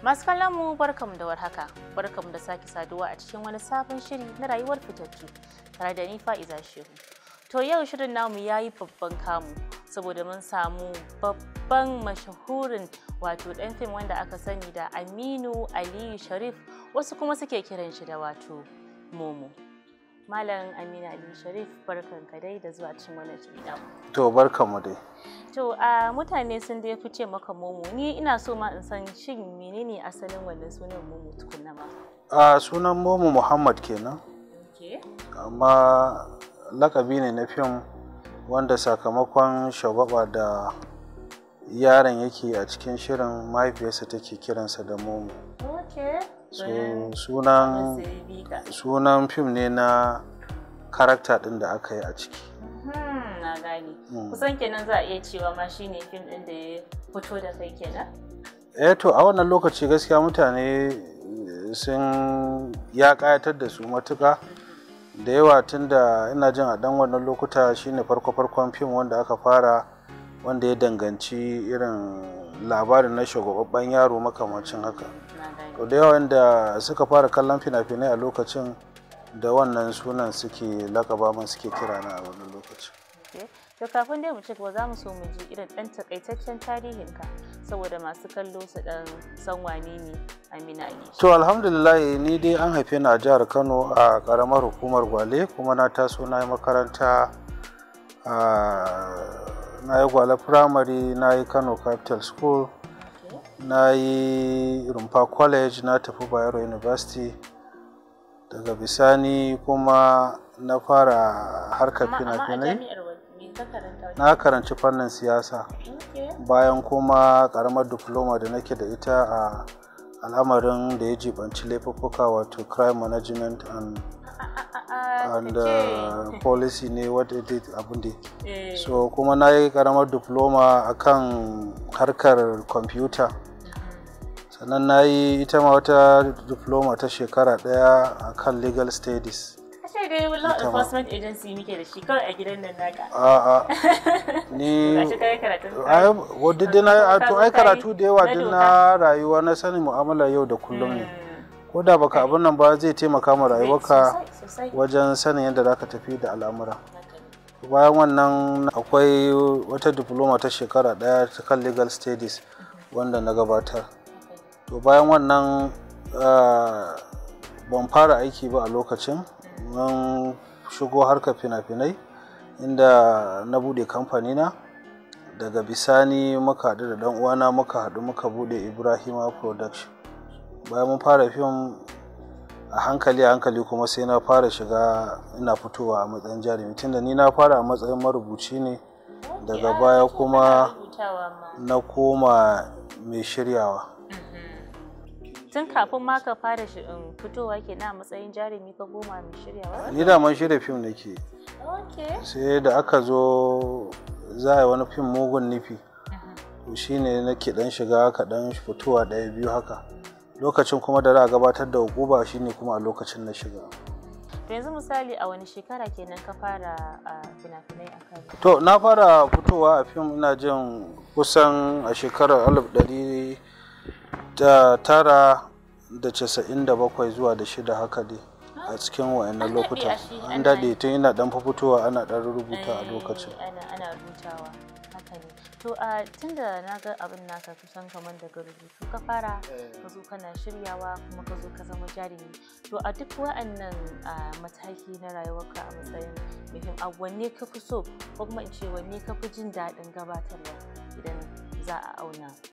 Masu kallon mu barkamu da warhaka, barkamu da sake saduwa a cikin wani sabon shiri na rayuwar fitattu tare da ni Fa'iza Shehu. To yau shirin namu ya yi babban kamu saboda mun samu babban mashahurin wato ɗan fim wanda aka sani da Aminu Aliyu Sharif wasu kuma suke kiran shi da wato Momo. Malam Amina Ali Sharif barkan ka dai da zuwa cin wani jirgin. To barkan mu dai. To a mutane sun dai fi maka momo ni ina so ma in san shin menene asalin wannan sunan momo tukunna ma. A sunan momo Muhammad kenan. Amma lakabi ne na fim wanda sakamakon shagwaba da yaron yake a cikin shirin mahaifiyarsa take kiransa da momo. Oke. Eh, sunan sunan fim ne na karakta din da aka yi a ciki hmm, na gane hmm. kusan kenan za a iya cewa ma fim da eh a wannan lokaci gaskiya mutane eh, sun ya da su matuka mm-hmm. da yawa tun da ina jin a dan wannan lokuta shine farko-farkon fim wanda aka fara wanda ya danganci irin labarin na shagwababban yaro makamacin haka to da yawa da suka fara kallon fina-finai a lokacin da wannan sunan suke lakaba man suke kira na a wannan lokacin to kafin dai mu ci gaba za mu so mu ji irin ɗan takaitaccen tarihinka saboda masu kallo su ɗan san wane ne Amina Ali. To alhamdulillah ni dai an haife ni a jihar Kano a karamar hukumar Gwale kuma na taso na yi makaranta na yi Gwale Primary na yi Kano Capital School na yi rumfa college na tafi bayero university daga bisani kuma na fara harkar fina-finai na karanci fannin siyasa bayan kuma karamar diploma da nake da ita a al'amarin da ya jibanci laifuka wato crime management and and uh, policy ne what it is abin da eh. so kuma na yi karamar diploma akan harkar computer sannan na yi ita ma wata diploma ta shekara daya a kan legal studies ashe dai law enforcement agency muke da shi kawai a gidan nan naka a'a ni wadda dina to karatu da yawa din na rayuwa na sanin mu'amala yau da kullum ne hmm. ko da baka abin nan ba zai taimaka ma rayuwarka wajen sanin yadda zaka tafi da al'amura bayan wannan akwai wata diploma ta shekara daya ta kan legal studies mhm. wanda na gabatar to bayan wannan ah, ban fara aiki ba a lokacin mun shigo harkar fina-finai inda na bude kamfani na daga bisani muka haɗu da dan uwana muka haɗu muka bude ibrahima production bayan mun fara fim a hankali a hankali kuma sai na fara shiga ina fitowa a matsayin jarumi tunda ni na fara a matsayin marubuci ne daga baya kuma na koma mai shiryawa tun kafin ma ka fara um, fitowa ke na matsayin jarumi ka goma mai shiryawa? Ni da man shirya fim nake. Sai da aka zo za a yi wani fim mugun nufi. ku shi ne nake dan shiga kaɗan fitowa ɗaya biyu haka. Lokacin kuma da za a gabatar da hukuma shi ne kuma a lokacin na shiga. yanzu misali a wani shekara kenan ka fara fina-finai a To na fara fitowa a fim ina jin kusan a shekarar alif tara da casa'in da bakwai zuwa da shida haka dai a cikin wa'annan lokuta an daɗe tun ina ɗan fitowa ana ɗan rubuta a lokacin to a tun da na ga abin naka kusan kamar daga rubutu ka fara ka zo kana shiryawa kuma ka zo ka zama jarumi to a duk wa'annan mataki na rayuwarka a matsayin muhim a wanne ka fi so ko kuma in ce wanne ka fi jin daɗin gabatarwa idan za a auna